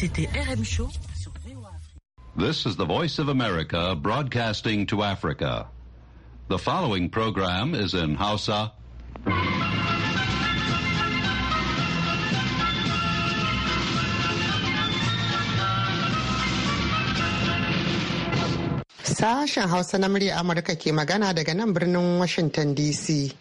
C'était RM Show sur This is the Voice of America broadcasting to Africa. The following program is in Hausa. Sashen Hausa na murya Amurka ke magana daga nan birnin Washington DC.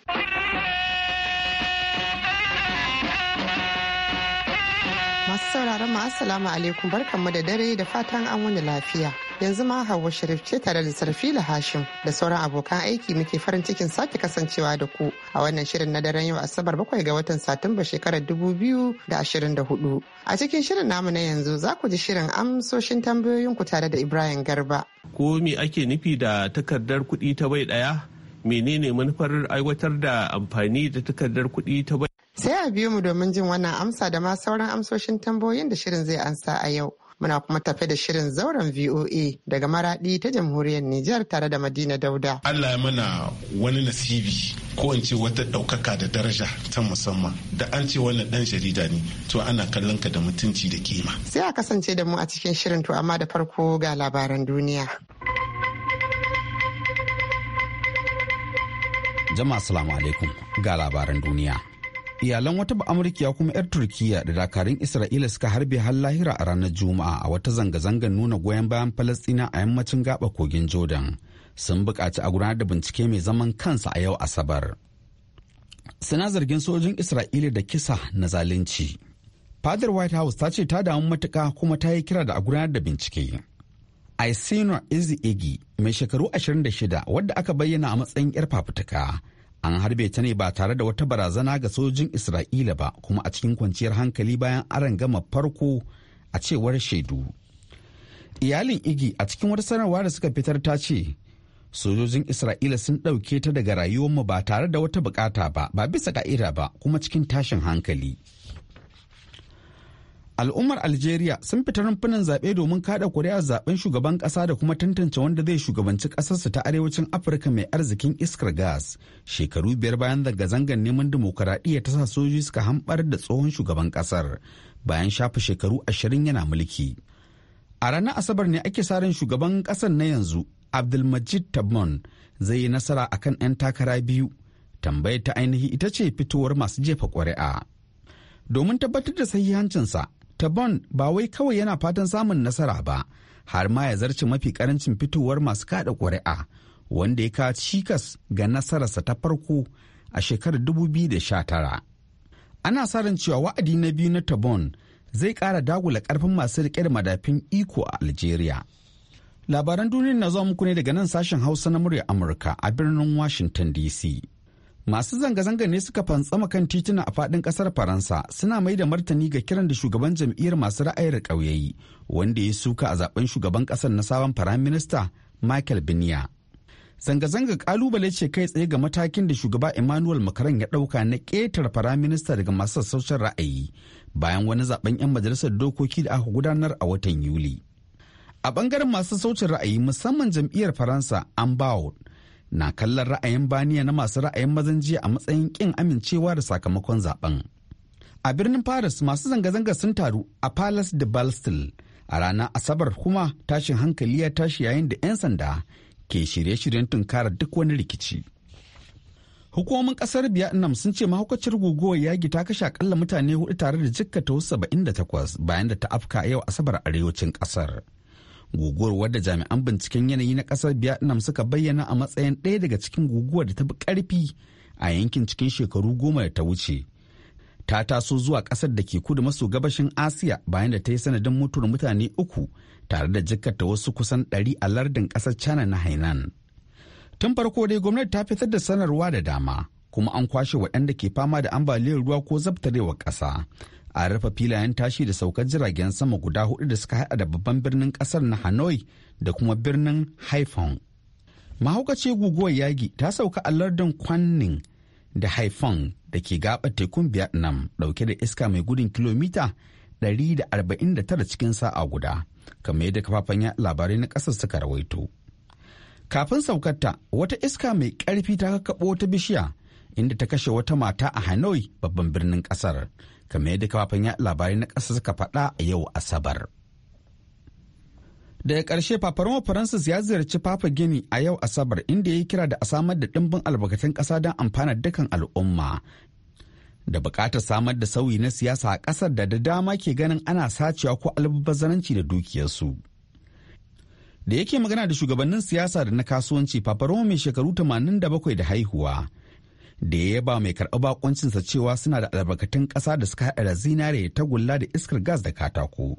jama'a assalamu alaikum barkanmu da dare da fatan an wani lafiya. Yanzu ma Hauwa Sharif ce tare da Sarfila Hashim da sauran abokan aiki muke farin cikin sake kasancewa da ku a wannan shirin na daren yau Asabar bakwai ga watan Satumba shekarar dubu biyu da ashirin da hudu. A cikin shirin namu na yanzu za ku ji shirin amsoshin tambayoyin ku tare da Ibrahim Garba. Ko me ake nufi da takardar kuɗi ta bai ɗaya? Menene manufar aiwatar da amfani da takardar kuɗi ta bai Sai a biyo mu domin jin wannan amsa da ma sauran amsoshin tambayoyin da shirin zai ansa a yau. Muna kuma tafe da shirin zauren VOA daga Maradi ta Jamhuriyar Nijar tare da Madina Dauda. Allah ya mana wani nasibi ko in ce wata ɗaukaka da daraja ta musamman da an ce wannan dan jarida ne to ana kallon ka da mutunci da kima. Sai a kasance da mu a cikin shirin to amma da farko ga labaran duniya. Jama'a salamu alaikum ga labaran duniya. iyalan wata ba'amurkiya kuma 'yar turkiya da dakarun isra'ila suka harbe har lahira a ranar juma'a a wata zanga-zangar nuna goyon bayan falastina a yammacin gaba kogin jordan sun buƙaci a gudanar da bincike mai zaman kansa a yau asabar suna zargin sojin isra'ila da kisa na zalunci fadar white house ta ce ta damu matuka kuma ta yi kira da a gudanar da bincike Aisino Izi Igi mai shekaru 26 wadda aka bayyana a matsayin 'yar fafutuka an harbe ta ne ba tare da wata barazana ga sojin isra'ila ba kuma a cikin kwanciyar hankali bayan aron gama farko a cewar shaidu iyalin igi a cikin wata sanarwa da suka fitar ta ce sojojin isra'ila sun ɗauke ta daga rayuwarmu ba tare da wata bukata ba ba bisa ka'ida ba kuma cikin tashin hankali al'ummar algeria sun fita rumfunan zaɓe domin kada kuri'a zaben shugaban ƙasa da kuma tantance wanda zai shugabanci ƙasarsu ta arewacin afirka mai arzikin iskar gas shekaru biyar bayan zanga zangan neman dimokuraɗiyya ta sa sojoji suka hambar da tsohon shugaban ƙasar bayan shafa shekaru ashirin yana mulki a ranar asabar ne ake sa ran shugaban ƙasar na yanzu abdulmajid tabmon zai yi nasara akan 'yan takara biyu tambayar ta ainihi ita ce fitowar masu jefa ƙuri'a domin tabbatar da sahihancinsa Tabon ba wai kawai yana fatan samun nasara ba, har ma ya zarce mafi karancin fitowar masu kada ƙuri'a wanda ya kawo cikas ga nasararsa ta farko a shekarar 2019. Ana sa ran cewa wa'adi na biyu na Tabon zai ƙara dagula ƙarfin masu riƙe da madafin iko a Algeria. Labaran duniya na zuwa muku ne daga nan sashen Hausa na murya Amurka a birnin Washington DC. Masu zanga zanga ne suka fantsama kan tituna a faɗin ƙasar Faransa suna mai da martani ga kiran da shugaban jam'iyyar masu ra'ayar ƙauyayi wanda ya suka a zaben shugaban ƙasar na sabon minister Michael Biniya. Zanga-zanga ƙalubale ce kai tsaye ga matakin da shugaba Emmanuel Macron ya ɗauka na ƙetar minister daga masu sassaucin ra'ayi bayan wani zaben 'yan majalisar dokoki da aka gudanar a watan Yuli. A ɓangaren masu sassaucin ra'ayi musamman jam'iyyar Faransa Ambaud na kallon ra'ayin baniya na masu ra'ayin mazan jiya a matsayin kin amincewa da sakamakon zaben. A birnin Paris masu zanga-zanga sun taru a Palace de Bastille a ranar Asabar kuma tashin hankali ya tashi yayin da 'yan sanda ke shirye-shiryen tunkarar duk wani rikici. Hukumomin kasar Vietnam sun ce mahaukacin guguwar yagi ta kashe akalla mutane hudu tare da jikkata wasu 78 bayan da ta afka yau Asabar arewacin kasar. guguwar wadda jami'an binciken yanayi na kasar vietnam suka bayyana a matsayin ɗaya daga cikin guguwar da ta fi karfi a yankin cikin shekaru goma da ta wuce ta taso zuwa ƙasar da ke kudu maso gabashin asiya bayan da ta yi sanadin mutuwar mutane uku tare da jikkata wasu kusan ɗari a lardin ƙasar china na hainan tun farko dai gwamnati ta fitar da sanarwa da dama kuma an kwashe waɗanda ke fama da ambaliyar ruwa ko zabtarewar ƙasa a rufe filayen tashi da saukar jiragen sama guda hudu da suka haɗa da babban birnin ƙasar na hanoi da kuma birnin haifong mahaukaci guguwar yagi ta sauka a lardin kwannin da haifong da ke gaɓar tekun vietnam ɗauke da iska mai gudun kilomita 149 cikin sa'a guda kamar yadda kafafen labarai na ƙasar suka rawaito kafin saukarta wata iska mai ƙarfi ta kakaɓo wata bishiya inda ta kashe wata mata a hanoi babban birnin ƙasar kamar yadda kafafen yaɗa labarai na ƙasa suka faɗa a yau asabar daga ƙarshe paparoma francis ya ziyarci papa gini a yau asabar inda ya yi kira da a samar da ɗimbin albarkatun ƙasa don amfana dukkan al'umma da buƙatar samar da sauyi na siyasa a ƙasar da da dama ke ganin ana sacewa ko albazaranci da dukiyarsu da yake magana da shugabannin siyasa da na kasuwanci paparoma mai shekaru 87 da haihuwa da ya yaba mai karɓi baƙuncinsa cewa suna da albarkatun ƙasa da suka haɗa da zinare tagulla da iskar gas da katako.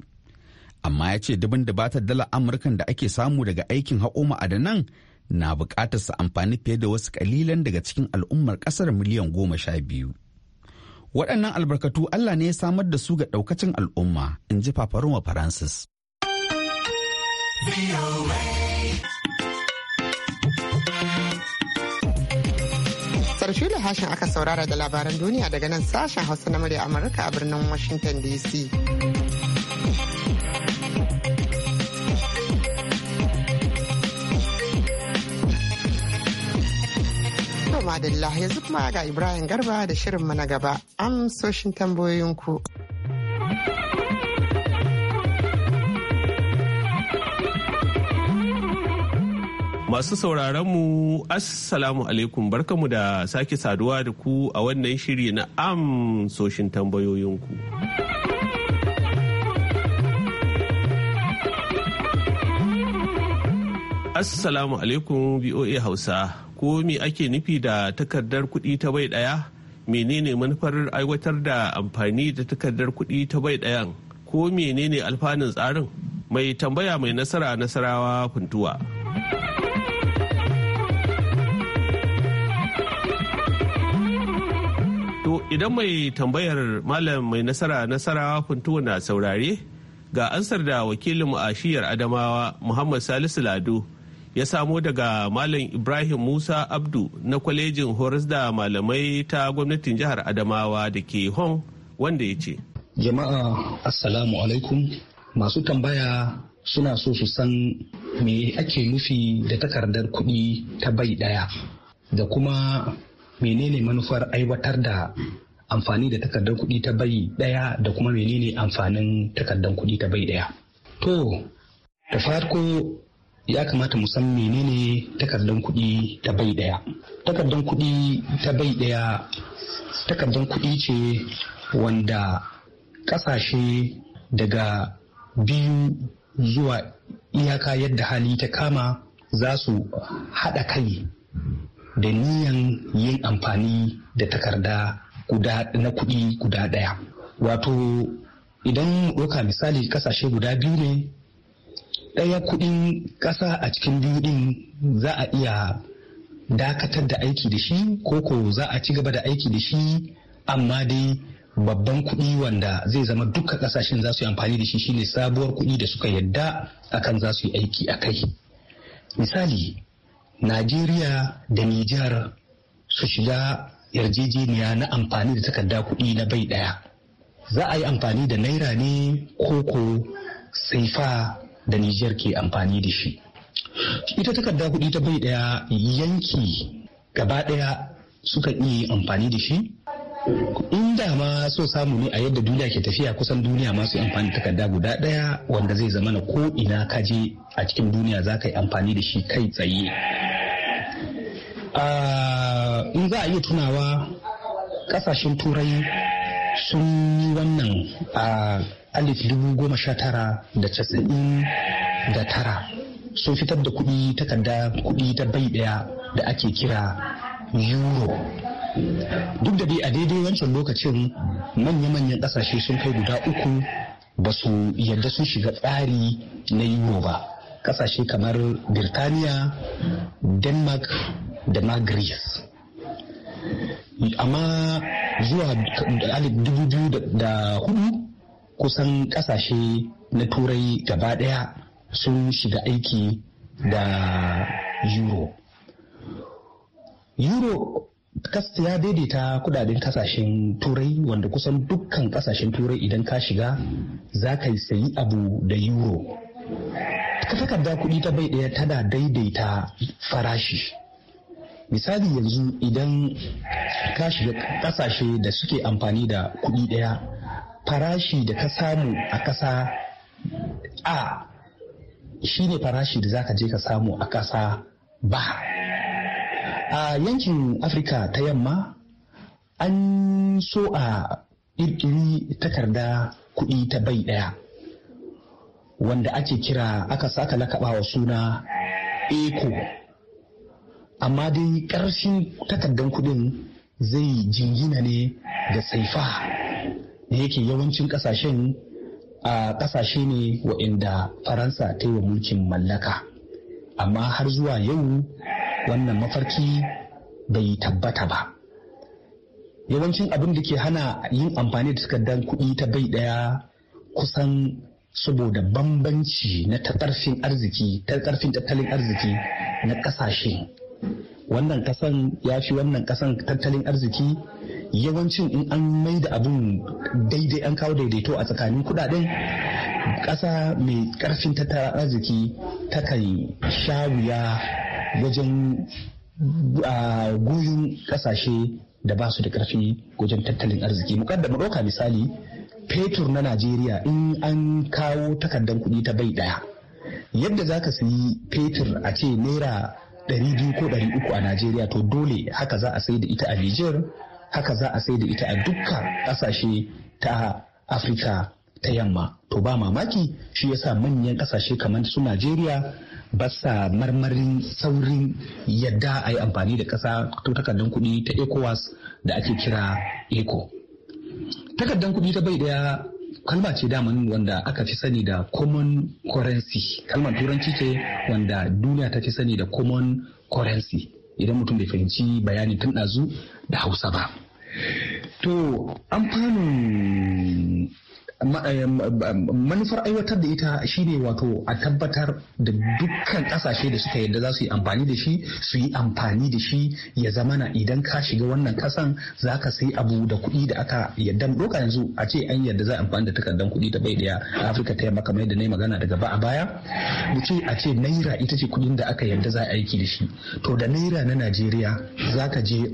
Amma ya ce dubin da bata dala Amurkan da ake samu daga aikin haƙo ma'adanan na buƙatar su amfani fiye da wasu ƙalilan daga cikin al'ummar ƙasar miliyan goma sha biyu. Waɗannan albarkatu Allah ne ya samar da su ga ɗaukacin al'umma, in ji faransis Faransis. To shi hashin aka saurara da labaran duniya daga nan sashen Hausa na murya Amurka a birnin Washington DC. madalla yanzu kuma ga Ibrahim Garba da shirin mana gaba amsoshin tambayoyinku. Masu sauraronmu, Assalamu alaikum barkamu da sake saduwa da ku a wannan shiri na amsoshin tambayoyinku. Assalamu alaikum BOA Hausa, ko me ake nufi da takardar kuɗi ta bai ɗaya? Menene manufar aiwatar da amfani da takardar kuɗi ta bai ɗayan? Ko menene alfanun tsarin? Mai tambaya mai nasara nasarawa funtuwa. Idan mai tambayar Malam mai nasara nasara kuntu na saurare ga ansar da wakilin a shiyar Adamawa Muhammad Salisu Lado ya samo daga Malam Ibrahim Musa Abdu na kwalejin horas da malamai ta gwamnatin jihar Adamawa da ke Hong wanda ya ce. Jama'a Assalamu alaikum masu tambaya suna so su san me ake nufi da takardar kuɗi ta bai ɗaya da kuma menene manufar aiwatar da amfani da takardar kuɗi ta bai ɗaya da kuma menene amfanin takardar kuɗi ta bai ɗaya. To, da farko ya kamata mu san menene takardar kuɗi ta bai ɗaya. Takardar kuɗi ta bai ɗaya takardar kuɗi ce wanda ƙasashe daga biyu zuwa iyaka yadda hali ta kama za su haɗa kai da niyan yin amfani da takarda guda na kuɗi guda ɗaya wato idan ɗauka misali ƙasashe guda biyu ne ɗaya kuɗin ƙasa a cikin biyu ɗin za a iya dakatar da aiki da shi ko ko za a ci gaba da aiki da shi amma dai babban kuɗi wanda zai zama duka ƙasashen za su yi amfani da shi shine sabuwar kuɗi da suka yadda akan za su yi aiki a kai misali najeriya da nijar su shiga yarjejeniya na amfani da takarda kuɗi na bai ɗaya za a yi amfani da naira ne ko koko saifa da nijar ke amfani da shi ita takarda kuɗi ta bai ɗaya yanki gaba ɗaya suka iya amfani da shi in da ma so samu ne a yadda duniya ke tafiya kusan duniya masu amfani da takarda guda ɗaya wanda zai zama na ko ina kaje a cikin duniya za ka yi amfani da shi kai tsaye in za a iya tunawa kasashen turai sun yi wannan a alif dubu goma sha tara da casa'in da tara sun fitar da kuɗi takarda kuɗi ta bai ɗaya da ake kira euro duk da dai a daidai wancan lokacin manya-manyan kasashe sun kai guda uku ba su yadda sun shiga tsari na euro ba kasashe kamar birtaniya denmark da ma amma zuwa eh, alif da hudu kusan kasashe na turai gaba daya sun shiga aiki da euro euro ya daidaita kudaden kasashen turai wanda kusan dukkan kasashen turai idan ka shiga za ka sayi abu da euro takarda kuɗi ta bai ɗaya tana daidaita farashi misali yanzu idan ka shiga kasashe da suke amfani da kuɗi ɗaya farashi da ka samu a ƙasa a shine farashi da zaka je ka samu a ƙasa ba a yankin afirka ta yamma an so a ƙirƙiri takarda kuɗi ta bai ɗaya wanda ake kira aka saka wa suna eco amma dai ƙarshen takardar kuɗin zai jingina ne ga saifa da yake yawancin ƙasashen a ƙasashe ne wa'inda faransa ta yi wa mulkin mallaka amma har zuwa yau wannan mafarki bai tabbata ba yawancin abin da ke hana yin amfani da takardar kuɗi ta bai ɗaya kusan saboda bambanci na ta ƙarfin arziki ta ƙarfin tattalin arziki na ƙasashe wannan kasan ya fi wannan kasan tattalin arziki yawancin in an mai da abun daidai an kawo daidaito a tsakanin kudaden ƙasa mai ƙarfin tattalin arziki takan sha wuya wajen goyon ƙasashe da ba su da karfi wajen tattalin arziki mu ɗauka misali fetur na najeriya in an kawo takardar kuɗi ta bai ɗaya yadda za ka sayi fetur a ce naira 200 ko 300 a Najeriya to dole haka za a sai da ita a Niger haka za a sai da ita a dukkan kasashe ta Afrika ta yamma to ba mamaki shi yasa manyan kasashe kamar su Najeriya ba sa marmarin saurin yadda a yi amfani da kasa to takardun kuɗi ta ECOWAS da ake kira ECO. Takardun kuɗi ta bai daya kalma ce daman wanda aka fi sani da common currency kalmar turanci ce wanda duniya ta fi sani da common currency idan mutum bai fahimci bayani tun ɗazu da hausa ba to amfanin Eh, manufar aiwatar da ita shine wato a tabbatar da dukkan kasashe da suka yadda za su yi amfani da shi su yi amfani da shi ya zamana idan ka shiga wannan kasan za ka sai abu da kuɗi da aka yadda doka yanzu a ce an yadda za a amfani da takardar kuɗi ta bai daya a afirka ta yamma kamar yadda na yi magana daga ba a baya mu ce a ce naira ita ce kuɗin da aka yadda za a aiki da shi to da naira na najeriya za ka je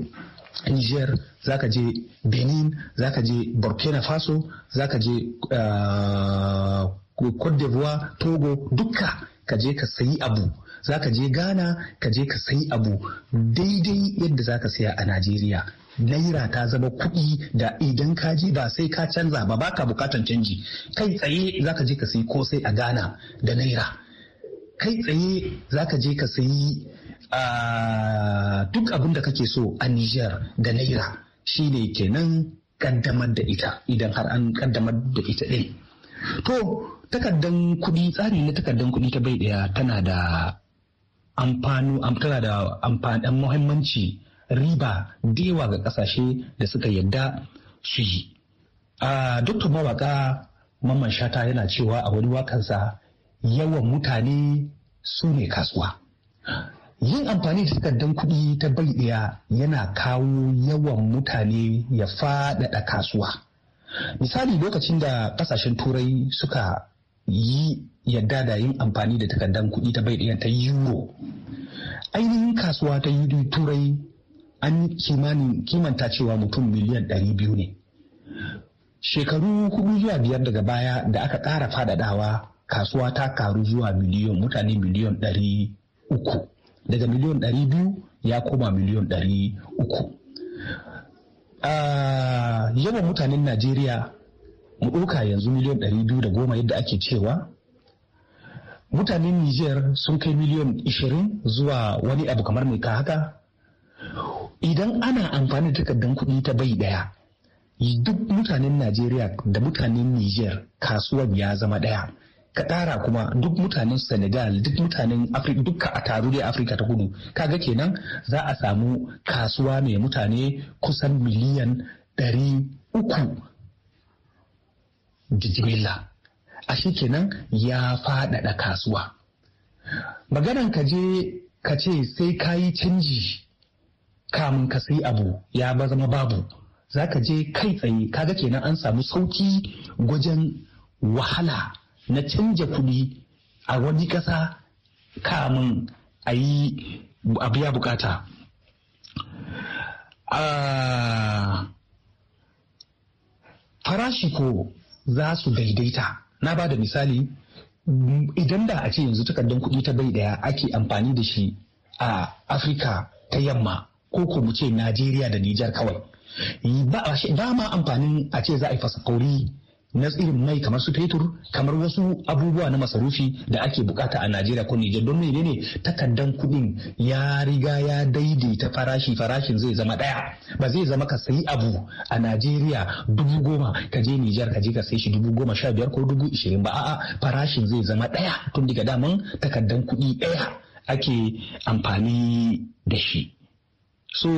Niger ka je Benin za ka je Burkina Faso za ka je ah, Cote d'Ivoire Togo duka ka je ka sayi abu Za ka je Ghana ka je ka sayi abu daidai yadda za ka saya a Najeriya naira ta zama kuɗi da idan ka je ba sai ka canza ba baka bukatan canji kai tsaye za ka je ka sayi ko sai a Ghana da naira kai tsaye za ka je ka sayi duk abin da kake so a Nijar da Naira shine kenan kaddamar da ita idan har an kaddamar da ita ɗin. To takardan kuɗi tsari na takardan kuɗi ta bai ɗaya tana da amfanu tana da amfanin muhimmanci riba dewa ga ƙasashe da suka yadda su yi. Dr. mawaƙa Mamman Shata yana cewa a wani wakansa yawan mutane su ne kasuwa. yin amfani da takardun kuɗi ta bai ɗaya yana kawo yawan mutane ya faɗaɗa kasuwa misali lokacin da ƙasashen turai suka yi yadda da yin amfani da takardun kuɗi ta bai ɗaya ta euro ainihin kasuwa ta yi turai an kimanin kimanta cewa mutum miliyan ɗari biyu ne shekaru hudu zuwa biyar daga baya da aka ƙara faɗaɗawa kasuwa ta karu zuwa miliyon mutane miliyon ɗari uku daga miliyon ɗari biyu ya koma miliyon ɗari uku ah, yawan mutanen najeriya mu ɗauka yanzu miliyon ɗari biyu da goma yadda ake cewa mutanen niger sun kai miliyon ishirin zuwa wani abu kamar mai ka haka idan ana amfani da takardar kuɗi ta bai ɗaya duk mutanen najeriya da mutanen niger kasuwar ya zama ɗaya ka ɗara kuma duk mutanen senegal duk mutanen afirka dukka a taru dai afirka ta kudu kaga kenan za a samu kasuwa mai mutane kusan miliyan ɗari uku a shi kenan ya faɗaɗa kasuwa maganan ka je ka ce sai ka yi canji kamun ka sai abu ya ba zama babu za ka je kai tsaye kaga kenan an samu sauki gwajen wahala na canja kuɗi a wani ƙasa kamun a yi a biya bukata. Farashi ko za su daidaita. Na ba da misali, idan da a ce yanzu takardar kuɗi ta bai ɗaya ake amfani da shi a Afirka ta yamma ko ko mu ce Najeriya da Nijar kawai. Ba ma amfanin a ce za a yi fasakori na tsirin mai kamar su fetur kamar wasu abubuwa na masarufi da ake bukata a Najeriya ko Nijar don menene takardan kuɗin ya riga ya daidaita farashi farashin zai zama ɗaya ba zai zama ka sayi abu a Najeriya dubu goma ka je Nijar ka je ka sai shi dubu goma sha biyar ko dubu ishirin ba a'a farashin zai zama ɗaya tun daga daman takardan kuɗi ɗaya ake amfani da shi. So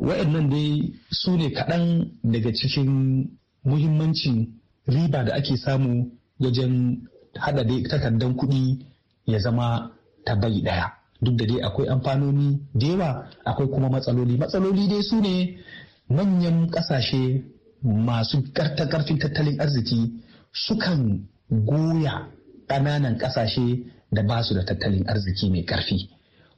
waɗannan dai su ne kaɗan daga cikin muhimmancin riba da ake samu wajen hada da takardar kuɗi ya zama ta bai ɗaya duk da dai akwai amfanoni da yawa akwai kuma matsaloli matsaloli dai su ne manyan ƙasashe masu ƙarfin tattalin arziki sukan goya ƙananan ƙasashe da ba su da tattalin arziki mai ƙarfi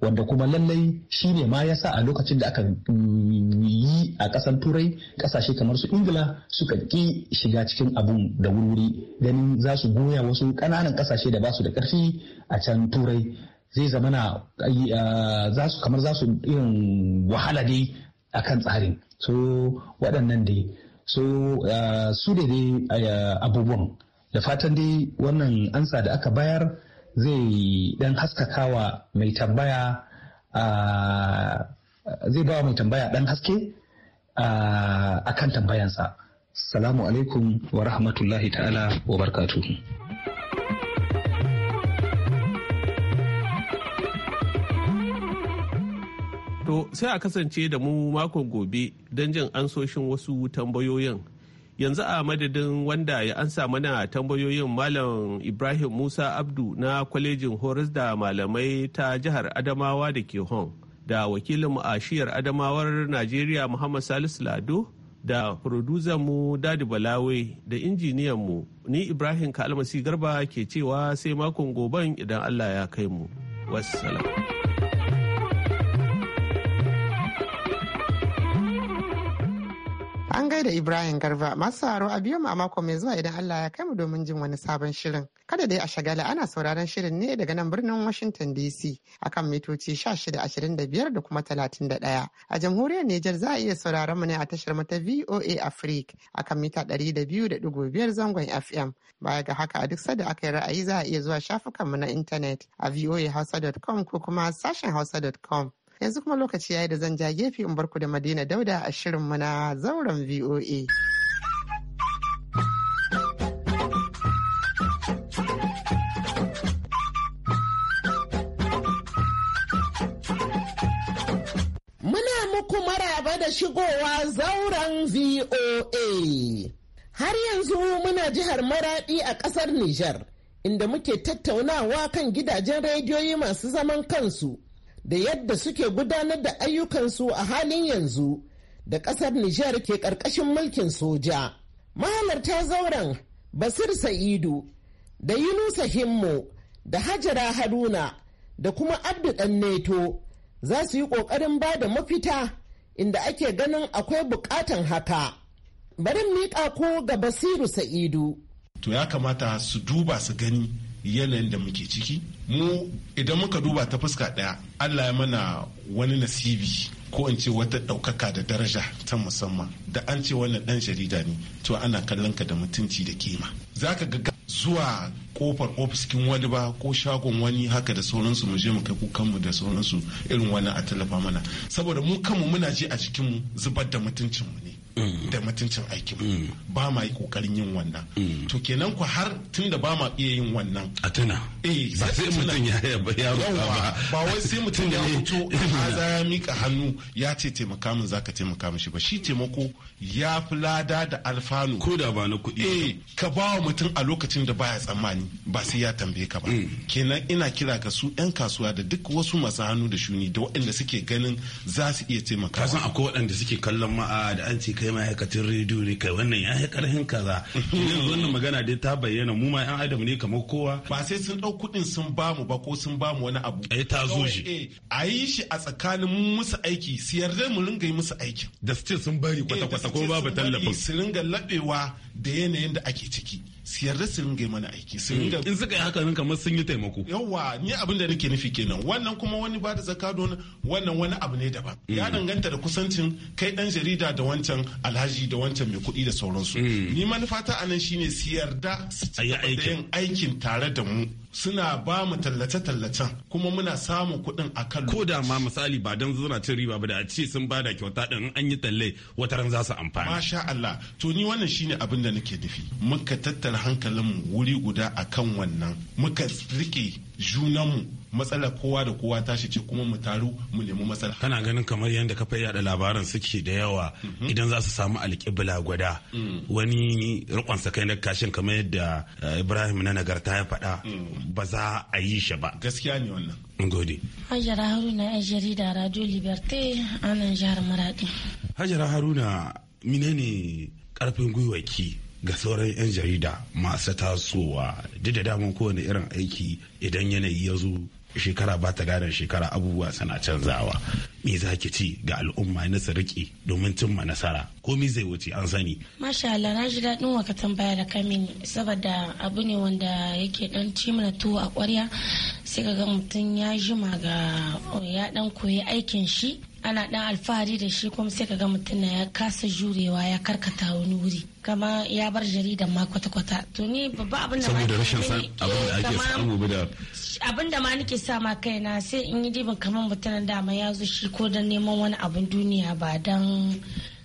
wanda kuma lallai shi ne ma ya sa a lokacin da aka yi a ƙasar turai ƙasashe kamar su ingila suka ƙi shiga cikin abun da wuri ganin za su goya wasu ƙananan ƙasashe da ba su da ƙarfi a can turai zai zamana za su kamar za su irin wahala dai a kan tsarin so waɗannan dai so su da dai abubuwan da fatan dai wannan ansa da aka bayar zai dan wa mai tambaya zai ba mai tambaya dan haske a kan tambayansa. Salamu alaikum wa rahmatullahi ta'ala wa barkatu. To sai a kasance da mu makon gobe don jin ansoshin wasu tambayoyin. yanzu a madadin wanda ya ansa mana tambayoyin malam ibrahim musa abdu na kwalejin horas da malamai ta jihar adamawa da ke hong da wakilin a shiyar adamawar najeriya muhammad salisu lado da mu dadi balawe da injiniyanmu ni ibrahim kalmasi garba ke cewa sai makon goban idan allah ya kai mu wassalam da Ibrahim Garba masu sauraro a biyu a mako mai zuwa idan Allah ya kai mu domin jin wani sabon shirin. Kada dai a shagala ana sauraron shirin ne daga nan birnin Washington DC akan mitoci 1625 da kuma 31. A jamhuriyar Nijar za a iya sauraron mu ne a tashar mata VOA Africa akan mita 200.5 zangon FM. Baya ga haka a duk sada aka yi ra'ayi za a iya zuwa shafukanmu na intanet a voahausa.com ko kuma sashen hausa.com. Yanzu kuma lokaci ya yi da zan ja gefe in barku da Madina Dauda a shirin mana Muna zauren VOA. da shigowa zauren VOA. Har yanzu muna jihar Maraɗi a ƙasar Nijar, inda muke tattaunawa kan gidajen rediyoyi masu zaman kansu da yadda suke gudanar da ayyukansu a halin yanzu da ƙasar Nijar ke ƙarƙashin mulkin soja. Mahalarta zauren Basir Sa'idu da Yunusa Himmo da Hajara Haruna da kuma Abdu Neto za su yi ƙoƙarin ba da mafita inda ake ganin akwai buƙatan haka. barin miƙa ko ga Basiru Sa'idu. To ya kamata su duba su gani yanayin da muke ciki mu idan muka duba ta fuska ɗaya allah ya mana wani nasibi ko in ce wata ɗaukaka da daraja ta musamman da an ce wannan ɗan jarida ne to ana kallon ka da mutunci da kima za ka ga zuwa kofar ofiskin wani ba ko shagon wani haka da sauransu mu je mu kai kukanmu da sauransu irin wani a tallafa mana saboda mu kanmu muna je a jikinmu zubar da mutuncinmu ne Mm. da mutuncin aikin mm. ba ma yi kokarin yin wannan mm. to kenan ku har tun da ba ma iya yin wannan a tuna eh ba sai mutum ya ya ba ba wai sai mutum ya mutu ya ya mika hannu ya ce taimaka min zaka taimaka mishi ba shi taimako ya fi lada da alfanu ko da ba na kuɗi eh ka ba wa mutum a lokacin da baya tsammani ba sai ya tambaye ka ba kenan ina kira ga su yan kasuwa da duk wasu masu hannu da shuni da waɗanda suke ganin za su iya taimaka san akwai waɗanda suke kallon ma'a ah, da an ce kai ma'aikacin rediyo ne kai wannan ya yi karhin kaza wannan magana dai ta bayyana mu ma yan adam ne kamar kowa ba sai sun ɗau kudin sun ba mu ba ko sun ba mu wani abu ai eh, ta zo shi eh, a yi shi a tsakanin mu musu aiki su yarda mu ringa yi musu aiki. da su ce sun bari kwata-kwata eh, ko babu tallafin su ringa labewa. da yanayin da ake ciki su yarda su ringa mana aiki su ringa in suka yi haka nan kamar sun yi taimako yawa ni abin da nake nufi kenan wannan kuma wani ba da zakka dona wannan wani abu ne daban mm. ya danganta da kusancin kai dan jarida da wancan alhaji da wancan mai kuɗi da sauransu mm. ni manufata anan shine su yarda su ci aikin tare da mu suna ba mu tallace-tallacen kuma muna samun kuɗin a kan ko da ma misali ba don suna cin riba ba da a ce sun ba da kyauta ɗin an yi talle wata ran za su amfani masha Allah to ni wannan shine abin da nake nufi muka tattara hankalinmu wuri guda akan wannan muka rike Junan mu matsalar kowa da kowa tashi ce kuma mu taru mu nemi matsala. Kana ganin kamar yadda ka fayyada labaran suke da yawa mhm. idan za su samu alƙibla gwada mm. wani rikon sakai na kashin kamar yadda eh, Ibrahim na nagarta ya faɗa mm. ba za a yi shi ba. Gaskiya ne wannan. ngode Hajara Haruna yan jarida Radio Liberté a nan jihar Maradi. Hajara Haruna ne karfin gwiwa ki ga sauran 'yan jarida masu tasowa duk da damar kowane irin aiki idan yanayi ya zo shekara ba ta gadon shekara abubuwa suna canzawa me za ki ci ga al'umma na su domin cimma nasara ko me zai wuce an sani masha Allah na ji daɗin waka tambaya da kamin saboda abu ne wanda yake ɗan ci mana tuwo a ƙwarya sai ka ga mutum ya jima ga ya dan koyi aikin shi ana dan alfahari da shi kuma sai kaga mutum na ya kasa jurewa ya karkata wani wuri kama ya bar jaridan ma kwata-kwata to ni babba abin da ma abin da ma nake sa ma kaina sai in yi dibin kamar da dama ya zo shi ko don neman wani abin duniya ba don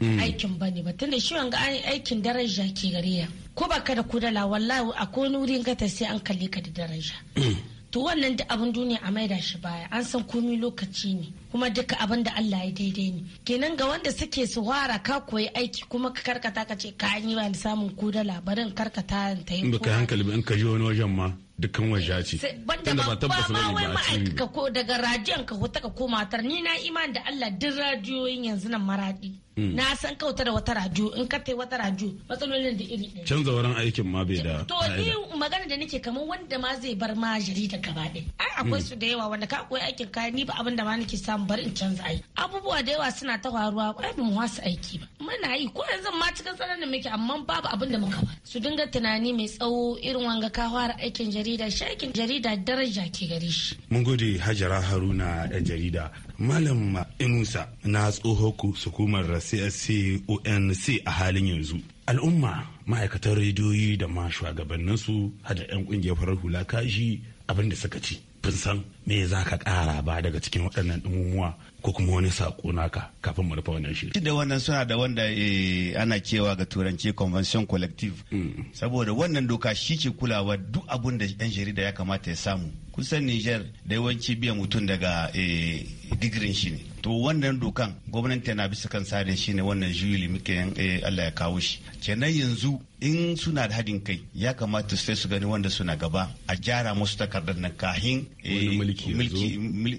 hmm. aikin ba ne ba tunda shi wanga aikin daraja ke gare ya ko baka da kudala wallahi a ko nurin gata sai an kalle ka da daraja hmm. to wannan duk abin duniya a maida shi baya an san komi lokaci ne kuma duka abin da Allah ya daidai ne kenan ga wanda suke su wara ka koyi aiki kuma ka karkata ka ce ka an yi ba samun ko dala barin karkata ta yi ba ka hankali in ka je wani wajen ma dukkan waje ce banda ba tabbas ba wai ma'aikata ko daga radiyon ka ko ta ka koma tar ni na iman da Allah duk radiyoyin yanzu nan maradi Mm. na san kauta da wata raju in ka tai wata raju matsalolin da iri ɗaya canza wurin aikin ma bai da to ni magana da nake kamar wanda ma zai bar ma jarida gaba ɗaya ai akwai mm. su da yawa wanda ka koyi aikin kaya ni ba abin da ma nake samu bari in canza aiki abubuwa da yawa suna ta faruwa ai ba mu wasu aiki ba muna yi ko yanzu ma cikin tsananin muke amma babu abin da muka ba su dinga tunani mai tsawo irin wanga ka fara aikin jarida shi aikin jarida daraja ke gare shi mun gode hajara haruna ɗan jarida malam inusa na tsoho sukumar ras CSCONC a halin yanzu. Al'umma ma'aikatan rediyoyi da ma shugabanninsu hada 'yan kungiyar farar hula kashi abin da suka ci. kun san me za ka ƙara ba daga cikin waɗannan ɗumumuwa ko kuma wani saƙo naka kafin mu rufe wannan shiri. da wannan suna da wanda eh, ana cewa ga turanci convention collective mm. saboda wannan doka shi ke kulawa duk abun da yan jarida ya kamata ya samu kusan niger da yawanci biyan mutum daga eh, digirin shi ne to wannan dokan gwamnati na bisa kan sadin shi ne wannan juli muke eh, Allah ya kawo shi kenan yanzu in suna da haɗin kai ya kamata sai su gani wanda suna gaba a gyara musu takardar nan kahin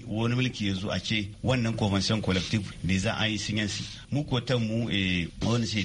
wani mulki ya zo a ce wannan convention collective ne za a yi yansi mu ko ta mu eh,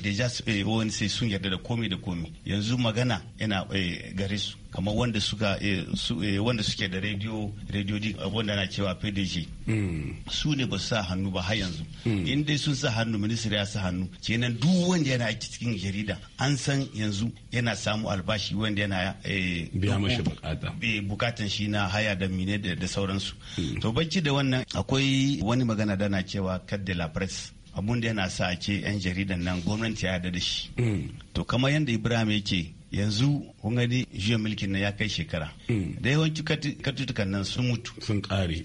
eh, wani sai sun yarda da komi da komi yanzu magana yana eh, gare su kamar wanda suka eh, eh, wanda suke da rediyo rediyo wanda na cewa PDG hmm. su ne ba sa hannu ba har yanzu hmm. in dai sun sa hannu ministry ya sa hannu kenan duk wanda yana aiki cikin jarida an san yanzu yana samu albashi wanda yana eh, biya mashi bukata bukatan shi na haya da mine da sauransu hmm. to bacci da wannan akwai wani magana da na cewa de la presse abun da yana sa ake yan jaridan nan gwamnati ya da shi to kamar yadda ibrahim yake yanzu kun gani jiya mulkin na ya kai shekara hmm. da yawanci katutukan nan sun mutu sun kare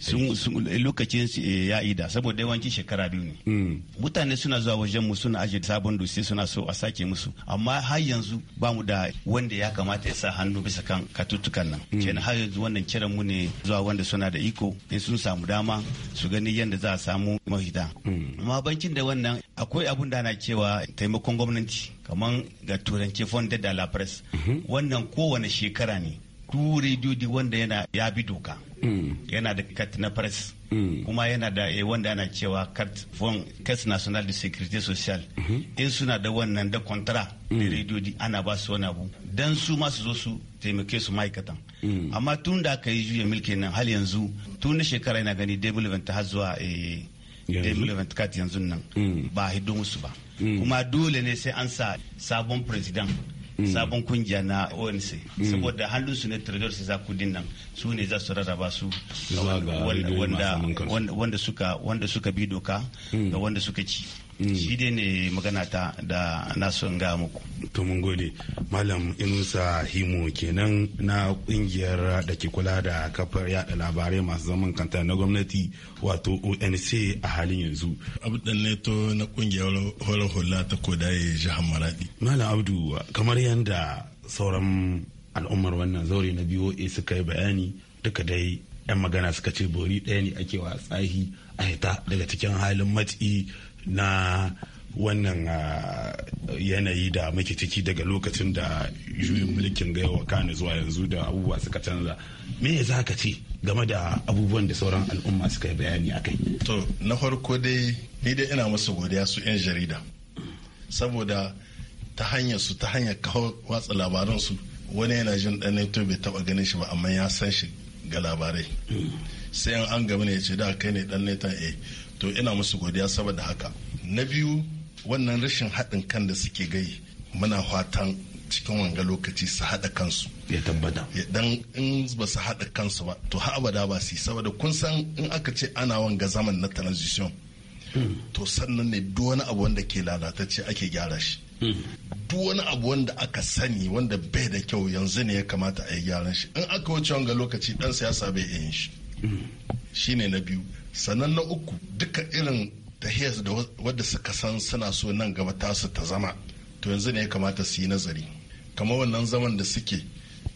lokacin eh, ya ida saboda yawanci shekara biyu ne hmm. mutane suna zuwa wajen mu suna ajiye sabon dosiye suna so a sake musu amma har yanzu ba mu da wanda ya kamata ya sa hannu bisa kan katutukan nan hmm. kenan har yanzu wannan kiran mu ne zuwa wanda suna da iko in sun samu dama su gani yadda za a samu mafita amma bankin da wannan akwai abun da ana cewa taimakon gwamnati kamar ga turanci fonded da la presse wannan kowane shekara ne duk rediyo wanda yana ya bi doka hmm. yana da kat na press hmm. kuma yana da eh, wanda yana cewa kat from kat national de security social hmm. in suna da wannan da kontra da rediyo ana ba su wani abu dan su ma su zo su taimake su ma'aikatan amma tun da aka yi juya milki nan hal yanzu tun na shekara yana gani development har zuwa 2024 eh, yanzu nan ba hiddo musu ba kuma dole ne sai an sa sabon president Mm. sabon kungiya na onc mm. saboda hannun su ne tirador sai zakudin nan su ne za su rarraba su wanda suka bi doka ga mm. wanda suka ci Mm. shi dai ne magana ta da nasu ga muku to gode malam inusa himo kenan na kungiyar da ke kula da kafar yada labarai masu zaman kanta na gwamnati wato onc a halin yanzu abdul neto na kungiyar hola hula ta kodaye jihar maradi malam abdu kamar yadda sauran al'ummar wannan zaure na BOA suka yi bayani duka dai 'yan magana suka ce bori ɗaya ne ake wa tsahi a daga cikin halin matsi na wannan ah, yanayi da muke ciki daga lokacin da juyin mulkin gaiwa kane zuwa yanzu da abubuwa suka canza me za ka ce game da abubuwan da sauran al'umma suka yi bayani a kai to na farko dai ni dai ina masu godiya su 'yan jarida saboda ta hanyar su ta hanyar kawo watsa labaran su wani yana jin dan to bai taɓa ganin shi ba amma ya san shi ga labarai mm. sai an gama ne ya ce da kai ne dan ta eh to ina musu godiya saboda haka na biyu wannan rashin haɗin kan da suke gai muna fatan cikin wanga lokaci su haɗa kansu ya tabbata dan in ba su haɗa kansu ba to ha abada ba su saboda kun san in aka ce ana wanga zaman na transition hmm. to sannan ne duk wani abu wanda ke lalatacce ake gyara shi hmm. duk wani abu wanda aka sani wanda bai da kyau yanzu ne ya kamata a yi gyaran shi in aka wuce wanga lokaci dan siyasa bai yin shi shine na biyu sannan na uku duka irin ta da wadda suka san suna so nan gaba tasu ta zama to yanzu ne ya kamata su yi nazari kamar wannan zaman da suke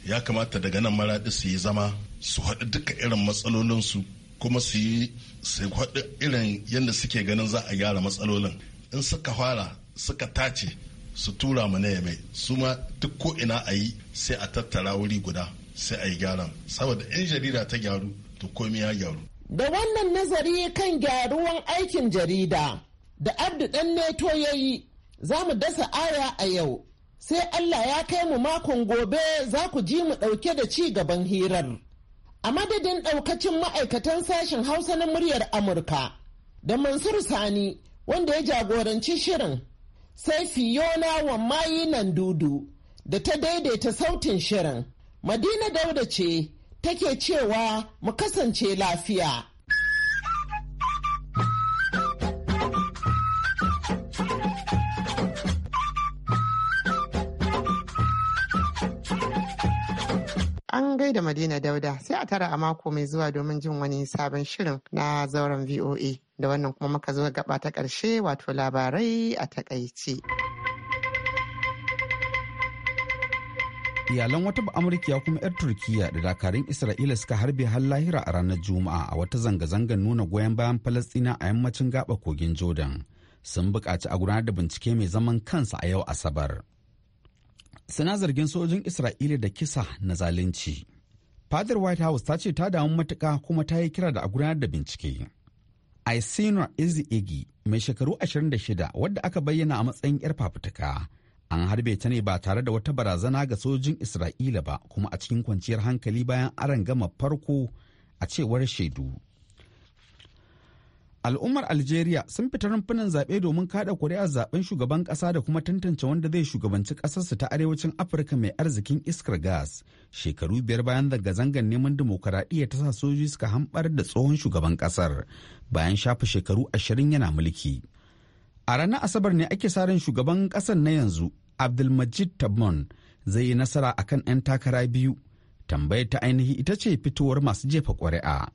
ya kamata daga nan maraɗi su yi zama su haɗu duka irin matsalolinsu kuma su yi haɗu irin yadda suke ganin za a gyara matsalolin in suka fara suka tace su tura mu na yame su ma duk ko ina a yi sai a tattara wuri guda sai a yi gyaran saboda in jarida ta gyaru to komai ya gyaru. Da wannan nazari kan gyaruwan aikin jarida da Abdu ɗan neto ya yi za mu dasa aya a yau. Sai Allah ya kai mu makon gobe za ku ji mu ɗauke da ci gaban hirar. A madadin ɗaukacin ma'aikatan sashen Hausa na muryar Amurka da Mansur Sani wanda ya jagoranci shirin sai Fiona Wammayi nan dudu da ta daidaita sautin shirin. Madina Dauda ce take cewa mu kasance lafiya. An gaida Madina Dauda sai a tara a mako mai zuwa domin jin wani sabon shirin na zauren VOA da wannan kuma muka zo gaba ta ƙarshe wato labarai a takaici. iyalan wata amurkiya kuma 'yar turkiya da dakarun isra'ila suka harbe har lahira a ranar juma'a a wata zanga-zangar nuna goyon bayan falastina a yammacin gaba kogin jordan sun buƙaci a gudanar da bincike mai zaman kansa a yau asabar suna zargin sojin isra'ila da kisa na zalunci fadar white house ta ce ta damu matuka kuma ta yi kira da a gudanar da bincike aisinra izi igi mai shekaru 26 wadda aka bayyana a matsayin 'yar fafutuka an harbe ta ne ba tare da wata barazana ga sojin isra'ila ba kuma a cikin kwanciyar hankali bayan aron gama farko a cewar shaidu al'ummar algeria sun fita rumfunan zaɓe domin kada kuri'ar zaben shugaban ƙasa da kuma tantance wanda zai shugabanci ƙasarsu ta arewacin afirka mai arzikin iskar gas shekaru biyar bayan zanga-zangar neman dimokuraɗiyya ta sa sojoji suka hambar da tsohon shugaban ƙasar bayan shafe shekaru ashirin yana mulki A ranar Asabar ne ake sa ran shugaban ƙasar na yanzu Abdulmajid Tabon zai yi nasara a kan 'yan takara biyu. tambaya ta ainihi ita ce fitowar masu jefa ƙuri'a.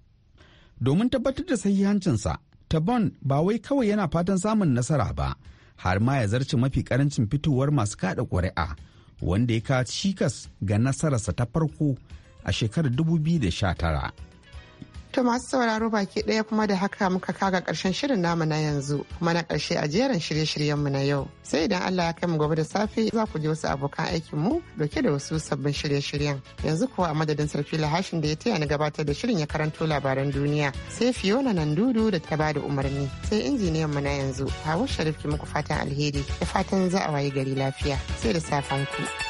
Domin tabbatar da sahihancinsa, Tabon ba wai kawai yana fatan samun nasara ba, har ma ya zarce mafi karancin fitowar masu kada ƙuri'a, wanda ya kawo cikas ga nasararsa ta farko a shekarar 2019. To masu sauraro baki ɗaya kuma da haka muka kaga karshen shirin namu na yanzu kuma na ƙarshe a jerin shirye-shiryenmu na yau. Sai idan Allah ya kai mu gobe da safe za ku je wasu abokan aikinmu doke da wasu sabbin shirye-shiryen. Yanzu kuwa a madadin sarfi lahashin da ya taya ni gabatar da shirin ya karanto labaran duniya. Sai Fiona dudu da ta bada umarni. Sai injiniyan mu na yanzu Hawa Sharif ki muku fatan alheri da fatan za a wayi gari lafiya. Sai da safen ku.